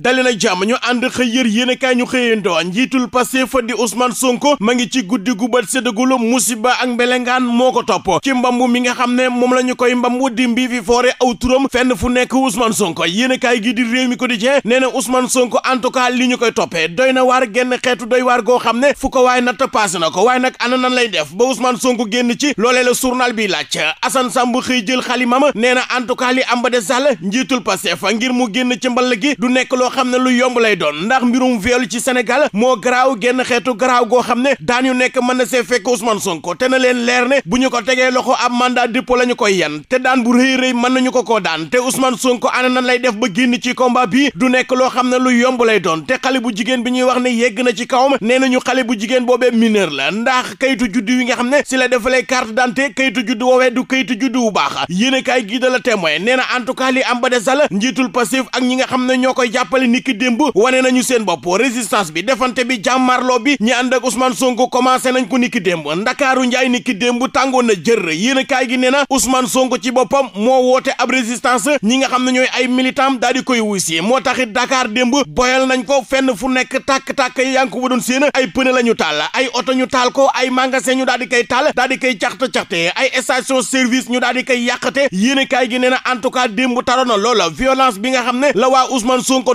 dali na jàmm ñu ànd xëy yër yéen kaay ñu xëyandoo njiitul Pastef di Ousmane Sonko ma ngi ci guddi gu bët séddagul a ak mbelengaan moo ko topp ci mbambu mi nga xam ne moom la ñu koy mbambu di mbi fi foore aw turam fenn fu nekk Ousmane Sonko yéen kaay gi di réew mi quotidien nee na Ousmane Sonko en tout cas li ñu koy toppee doy na waar genn xeetu doy waar goo xam ne fu ko waaye na paase na ko waaye nag ana nan lay def ba Ousmane Sonko génn ci loolee la journal bi laaj Assane Samb xëy jël xalimam nee na en tout cas li am ba de sàll njiitul Pastef ngir mu génn ci mball gi du nekk loo xam ne lu yomb lay doon ndax mbirum viol ci Sénégal moo garaaw genn xeetu garaaw goo xam ne daan yu nekk mën na see fekk Ousmane Sonko te na leen leer ne bu ñu ko tegee loxo ab mandat dépôt la ñu koy yan te daan bu rëy rëy mën nañu ko ko daan te Ousmane Sonko ana nan lay def ba génn ci combat bi du nekk loo xam ne lu yomb lay doon te xale bu jigéen bi ñuy wax ne yegg na ci kawam nee nañu xale bu jigéen boobee mineur la ndax kayitu juddu yi nga xam ne si la defalee carte d'identité kayitu juddu woowee du kayitu juddu bu baax yéen a kaay gii da la témoin nee na en tout cas li am ba desal njiitul passif ak ñi nga xam ne ñoo koy jàpp jàppale ni ki démb wane nañu seen bopp résistance bi defante bi jàmmarloo bi ñi ànd ak Ousmane Sonko commencé nañ ko ni ki démb ndakaaru njaay ni ki démb tàngoon na jër yéen a kaay gi nee na Ousmane Sonko ci boppam moo woote ab résistance ñi nga xam ne ñooy ay militant daal di koy wuy si moo taxit Dakar démb boyal nañ ko fenn fu nekk tàkk-tàkk yaa ngi ko doon séen ay pëne la ñu taal ay oto ñu taal ko ay magasin ñu daal di koy taal daal di koy caxte-caxte ay station service ñu daal di koy yàqate yéen a kaay gi nee na tout cas démb taroon na bi nga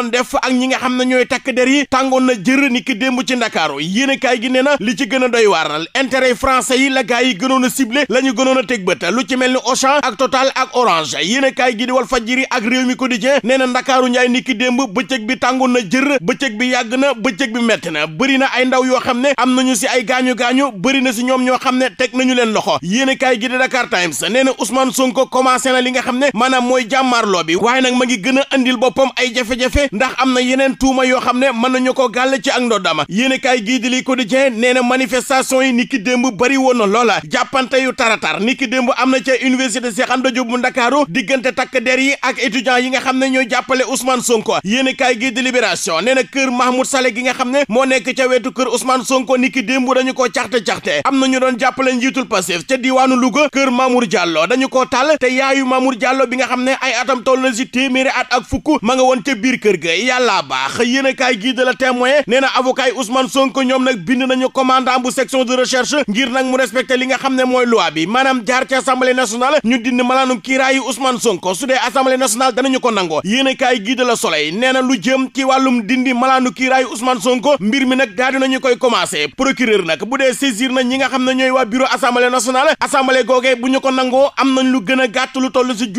doon def ak ñi nga xam ne ñooy takk der yi tàngoon na jër ni ki démb ci ndakaaru yéen kaay gi nee na li ci gën a doy waaral intérêt français yi la gars yi gënoon a sible la ñu gënoon a teg bët lu ci mel ni Auchan ak Total ak Orange yéen kaay gi di Walf Fadjri ak réew mi quotidien nee na ndakaaru njaay ni ki démb bëccëg bi tàngoon na jër bëccëg bi yàgg na bëccëg bi metti na bëri na ay ndaw yoo xam ne am nañu si ay gaañu-gaañu bëri na si ñoom ñoo xam ne teg nañu leen loxo yéen kaay gi di Dakar Times nee na Ousmane Sonko commencé na li nga xam ne maanaam mooy jàmmaarloo bi waaye nag ma ngi gën a andil boppam ay jafe ndax am na yeneen tuuma yoo xam ne mën nañu ko gàll ci ak ndoddama yéen kaay gii di li quotidien nee na manifestation yi ni ki démb bari woon na loola jàppante yu taratar ni ki démb am na ca université Cheikh Anta Diop bu Ndakaaru diggante takk der yi ak étudiants yi nga xam ne ñoo jàppale Ousmane Sonko yéen kaay gii di nee na kër Mahmoud Saleh gi nga xam ne moo nekk ca wetu kër usmaan Sonko ni ki démb dañu koo caxte-caxte am na ñu doon jàppale njiitul Pastef ca diwaanu Louga kër Mamour Diallo dañu koo tàll te yaayu Mamour Diallo bi nga xam ne ay atam toll ak fukk ma nga woon ca biir kër dëgg yàllaa baax yéen a kaay gii de la témoin nee Sonko ñoom nag bind nañu commandant bu section de recherche ngir nag mu respecté li nga xam ne mooy loi bi jaar ci assemblée nationale ñu dindi malaanum kiiraay yi Sonko su dee assemblée nationale danañu ko nangoo yéen a kaay gii de lu jëm ci dindi malaanu kiiraay yi Sonko mbir mi nag daal dinañu koy commencé procureur nag bu dee saisir na ñi nga xam ne ñooy ko nangoo am nañ lu gën a gàtt lu toll si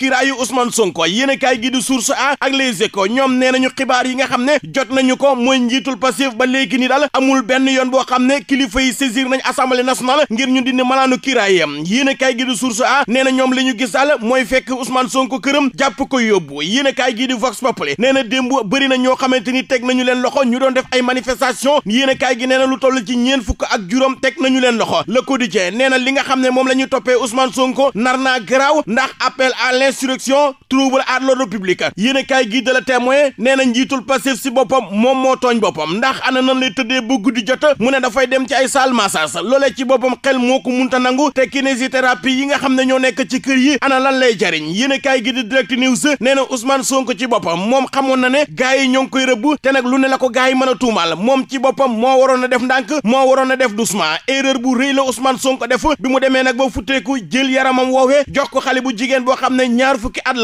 a kaay gii source a ak les échos ñoom nee nañu xibaar yi nga xam ne jot nañu ko mooy njiitul Pastef ba léegi ni daal amul benn yoon boo xam ne kilifa yi saisir nañ assemblée nationale ngir ñu dindi malaanu kiraayam yéen a kaay gi di source a nee ñoom li ñu gis daal mooy fekk Ousmane Sonko këram jàpp ko yóbbu yéen a kaay gi di Vox Populi nee na démb bëri na ñoo xamante ni teg nañu leen loxo ñu doon def ay manifestation yéen a kaay gi nee na lu toll ci ñeen fukk ak juróom teg nañu leen loxo Le Quotidien nee na li nga xam ne moom la ñu toppee Ousmane Sonko nar naa garaaw ndax appel à l'insurrection trouble à l'ordre public Babacar yéen a kaay gi de njiitul Pastef si boppam moom moo tooñ boppam ndax ana nan lay tëddee bu guddi jot mu ne dafay dem ci ay salle massage loolee ci boppam xel moo ko munta nangu te kinésithérapie yi nga xam ne ñoo nekk ci kër yi ana lan lay jariñ yéen a kaay gi di direct news nee na Ousmane Sonko ci boppam moom xamoon na ne gars yi ñoo ngi koy rëbb te nag lu ne la ko gars yi mën a tuumaal moom ci boppam moo waroon a def ndànk moo waroon a def doucement erreur bu rëy la Ousmane Sonko def bi mu demee nag ba futteeku jël yaramam woowee jox ko xale bu jigéen boo xam ne ñaar fukki at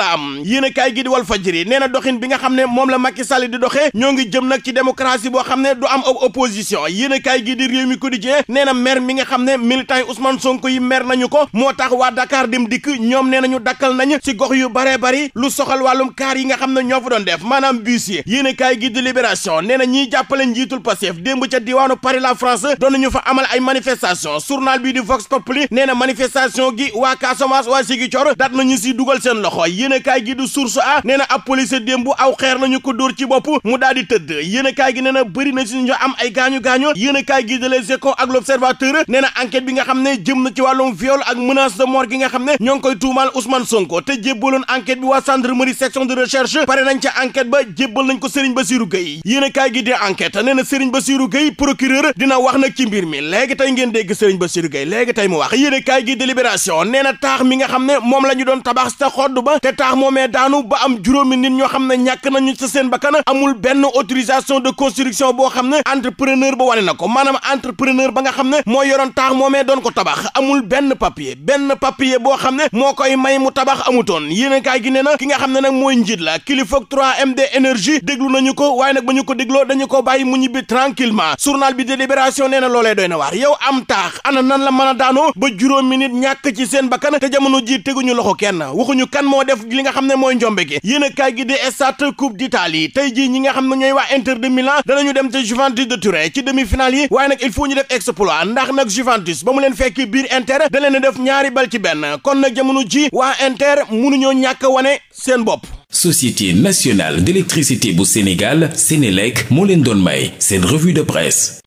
Walfadjri nee na doxin bi nga xam ne moom la Macky di doxee ñoo ngi jëm nag ci démocratie boo xam ne du am ab opposition yéen a kaay gi di réew mi quotidien nee na mer mi nga xam ne militant yi Ousmane Sonko yi mer nañu ko moo tax waa Dakar dem dikk ñoom nee nañu dakkal nañ ci gox yu baree lu soxal wàllum kaar yi nga xam ne ñoo fa doon def maanaam bus yi yéen a kaay gi di libération nee na ñiy jàppale njiitul Pastef démb ca diwaanu Paris la France doon nañu fa amal di Vox Populi nee na manifestation gi waa Casamance si dugal seen loxo na ab policier démb bu aw xeer lañu ko dóor ci bopp mu daal di tëdd yéen a kaay gi nee na bëri na ci ñu am ay gaañu-gaañu yéen a kaay gi de Les Échos ak bi nga xam ne jëm na ci wàllum viol ak menace de mort nga xam ne ñoo ngi koy tuumaal Ousmane Sonko te jébbaloon enquête bi waa gendarmerie section de recherche pare nañ ca enquête ba jébbal nañ ko Serigne Bassirou Gueye yéen a kaay gi di enquête nee na Serigne Bassirou Gueye procureur dina wax nag ci mi léegi tey ngeen dégg Serigne Bassirou Gueye léegi tey mu wax yéen a kaay na taax mi nga xam ne moom la ñu doon tabax sa ba te taax moomee daanu ba am juróomi nit ñoo xam ne ñàkk nañu ci seen bakkan amul benn autorisation de construction boo xam ne entrepreneur ba wane na ko maanaam entrepreneur ba nga xam ne moo yoroon taax moomee doon ko tabax amul benn papier benn papier boo xam ne moo koy may mu tabax amutoon yéenekaay gi nee na ki nga xam ne nag mooy njiit la kilifa 3MD énergie déglu nañu ko waaye nag ba ñu ko dégloo dañu ko bàyyi mu ñibbi tranquillement journal bi de Libération nee na loolee doy na waar yow am taax ana nan la mën a daanoo ba juróomi nit ñàkk ci seen ba bakkan te jamono ji teguñu loxo kenn waxuñu kan moo def li nga xam ne mooy njombe gi yéen a kaay gi di Stades Coupe d'Italie tey jii ñi nga xam ne ñooy waa Inter de Milan danañu dem ca Juventus de Turin ci demi-finale yi waaye nag il faut ñu def exploit ndax nag Juventus ba mu leen fekk biir Inter da leen def ñaari bal ci benn kon nag jamono ji waa Inter mënuñoo ñàkk wane seen bopp. Société nationale d'électricité bu Sénégal Sénélec moo leen doon may seen revue de presse.